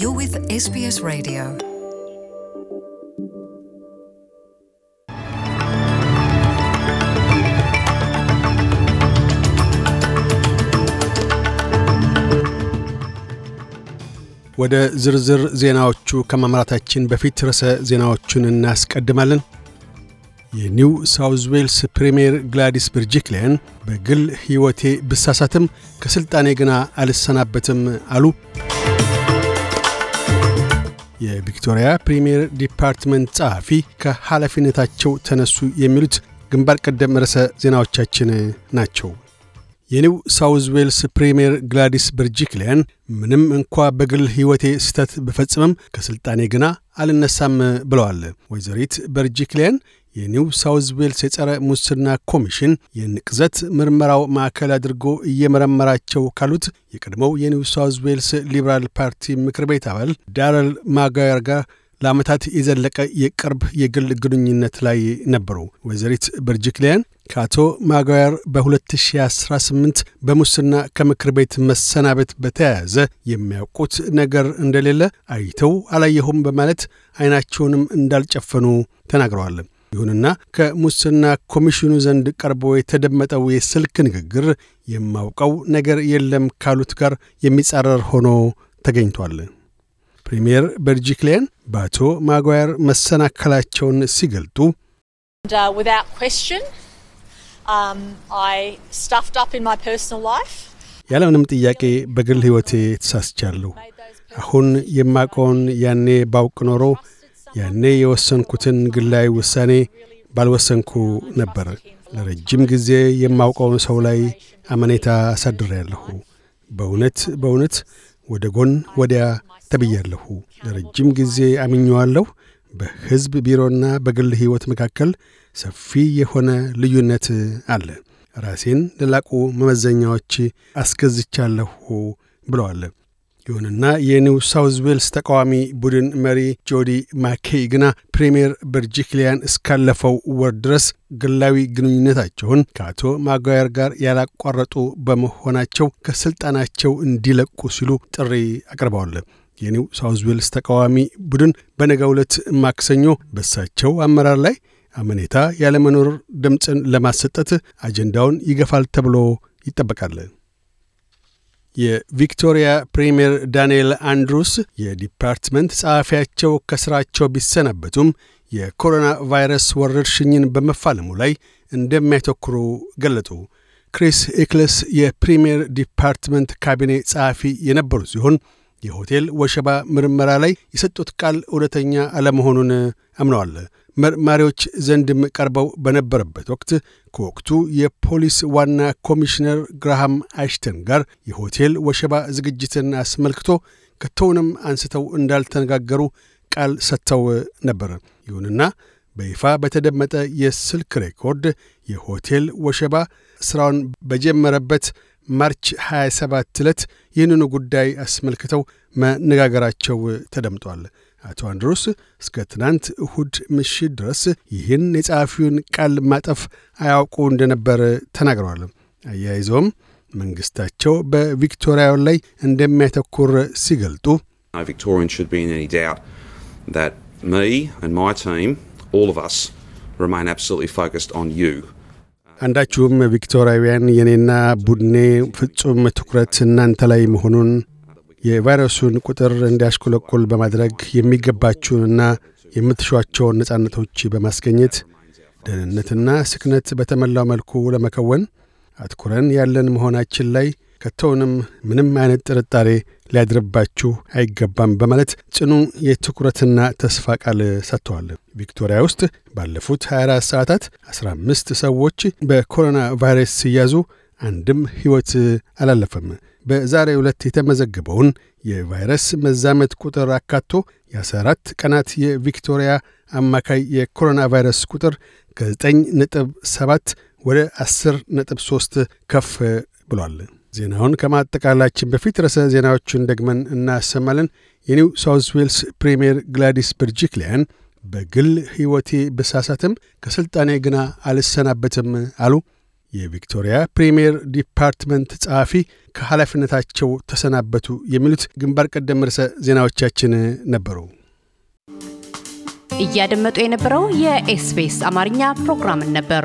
You're with SBS Radio. ወደ ዝርዝር ዜናዎቹ ከማምራታችን በፊት ርዕሰ ዜናዎቹን እናስቀድማለን። የኒው ሳውዝ ዌልስ ፕሪምየር ግላዲስ ብርጅክሊያን በግል ሕይወቴ ብሳሳትም ከሥልጣኔ ግና አልሰናበትም አሉ። የቪክቶሪያ ፕሪምየር ዲፓርትመንት ጸሐፊ ከኃላፊነታቸው ተነሱ የሚሉት ግንባር ቀደም ርዕሰ ዜናዎቻችን ናቸው። የኒው ሳውዝ ዌልስ ፕሪምየር ግላዲስ በርጂክሊያን ምንም እንኳ በግል ሕይወቴ ስህተት ብፈጽምም ከሥልጣኔ ግና አልነሳም ብለዋል። ወይዘሪት በርጂክሊያን የኒው ሳውዝ ዌልስ የጸረ ሙስና ኮሚሽን የንቅዘት ምርመራው ማዕከል አድርጎ እየመረመራቸው ካሉት የቀድሞው የኒው ሳውዝ ዌልስ ሊበራል ፓርቲ ምክር ቤት አባል ዳረል ማጋየር ጋር ለዓመታት የዘለቀ የቅርብ የግል ግንኙነት ላይ ነበሩ። ወይዘሪት ብርጅክሊያን ከአቶ ማጓየር በ2018 በሙስና ከምክር ቤት መሰናበት በተያያዘ የሚያውቁት ነገር እንደሌለ አይተው አላየሁም በማለት አይናቸውንም እንዳልጨፈኑ ተናግረዋል። ይሁንና ከሙስና ኮሚሽኑ ዘንድ ቀርቦ የተደመጠው የስልክ ንግግር የማውቀው ነገር የለም ካሉት ጋር የሚጻረር ሆኖ ተገኝቷል። ፕሪምየር በርጂክሊያን በአቶ ማጓየር መሰናከላቸውን ሲገልጡ uh, um, ያለምንም ጥያቄ በግል ሕይወቴ ተሳስቻለሁ። አሁን የማውቀውን ያኔ ባውቅ ኖሮ ያኔ የወሰንኩትን ግላዊ ውሳኔ ባልወሰንኩ ነበር። ለረጅም ጊዜ የማውቀውን ሰው ላይ አመኔታ አሳድሬያለሁ። በእውነት በእውነት ወደ ጎን ወዲያ ተብያለሁ። ለረጅም ጊዜ አምኘዋለሁ በሕዝብ ቢሮና በግል ሕይወት መካከል ሰፊ የሆነ ልዩነት አለ። ራሴን ለላቁ መመዘኛዎች አስገዝቻለሁ ብለዋል። ይሁንና የኒው ሳውዝ ዌልስ ተቃዋሚ ቡድን መሪ ጆዲ ማኬይ ግና ፕሪምየር በርጂክሊያን እስካለፈው ወር ድረስ ግላዊ ግንኙነታቸውን ከአቶ ማጓየር ጋር ያላቋረጡ በመሆናቸው ከስልጣናቸው እንዲለቁ ሲሉ ጥሪ አቅርበዋል። የኒው ሳውዝ ዌልስ ተቃዋሚ ቡድን በነገ ዕለት ማክሰኞ በሳቸው አመራር ላይ አመኔታ ያለመኖር ድምፅን ለማሰጠት አጀንዳውን ይገፋል ተብሎ ይጠበቃል። የቪክቶሪያ ፕሪምየር ዳንኤል አንድሩስ የዲፓርትመንት ጸሐፊያቸው ከሥራቸው ቢሰናበቱም የኮሮና ቫይረስ ወረርሽኝን በመፋለሙ ላይ እንደሚያተኩሩ ገለጡ። ክሪስ ኤክለስ የፕሪምየር ዲፓርትመንት ካቢኔ ጸሐፊ የነበሩ ሲሆን የሆቴል ወሸባ ምርመራ ላይ የሰጡት ቃል እውነተኛ አለመሆኑን አምነዋል። መርማሪዎች ዘንድም ቀርበው በነበረበት ወቅት ከወቅቱ የፖሊስ ዋና ኮሚሽነር ግራሃም አሽተን ጋር የሆቴል ወሸባ ዝግጅትን አስመልክቶ ከቶውንም አንስተው እንዳልተነጋገሩ ቃል ሰጥተው ነበር። ይሁንና በይፋ በተደመጠ የስልክ ሬኮርድ የሆቴል ወሸባ ሥራውን በጀመረበት ማርች 27 ዕለት ይህንኑ ጉዳይ አስመልክተው መነጋገራቸው ተደምጧል። አቶ አንድሮስ እስከ ትናንት እሁድ ምሽት ድረስ ይህን የጸሐፊውን ቃል ማጠፍ አያውቁ እንደነበር ተናግረዋል። አያይዘውም መንግሥታቸው በቪክቶሪያው ላይ እንደሚያተኩር ሲገልጡ ቪክቶሪያን አንዳችሁም ቪክቶሪያውያን የኔና ቡድኔ ፍጹም ትኩረት እናንተ ላይ መሆኑን የቫይረሱን ቁጥር እንዲያሽቆለቁል በማድረግ የሚገባችሁንና የምትሿቸውን ነጻነቶች በማስገኘት ደህንነትና ስክነት በተሞላው መልኩ ለመከወን አትኩረን ያለን መሆናችን ላይ ከቶውንም ምንም አይነት ጥርጣሬ ሊያድርባችሁ አይገባም በማለት ጽኑ የትኩረትና ተስፋ ቃል ሰጥተዋል። ቪክቶሪያ ውስጥ ባለፉት 24 ሰዓታት 15 ሰዎች በኮሮና ቫይረስ ሲያዙ አንድም ሕይወት አላለፈም። በዛሬ ዕለት የተመዘገበውን የቫይረስ መዛመት ቁጥር አካቶ የ14 ቀናት የቪክቶሪያ አማካይ የኮሮና ቫይረስ ቁጥር ከ9 7 ወደ 10 3 ከፍ ብሏል። ዜናውን ከማጠቃላችን በፊት ርዕሰ ዜናዎቹን ደግመን እናሰማለን። የኒው ሳውዝ ዌልስ ፕሪምየር ግላዲስ ብርጅክሊያን በግል ሕይወቴ ብሳሳትም ከሥልጣኔ ግና አልሰናበትም አሉ። የቪክቶሪያ ፕሪምየር ዲፓርትመንት ጸሐፊ ከኃላፊነታቸው ተሰናበቱ። የሚሉት ግንባር ቀደም ርዕሰ ዜናዎቻችን ነበሩ። እያደመጡ የነበረው የኤስቢኤስ አማርኛ ፕሮግራምን ነበር።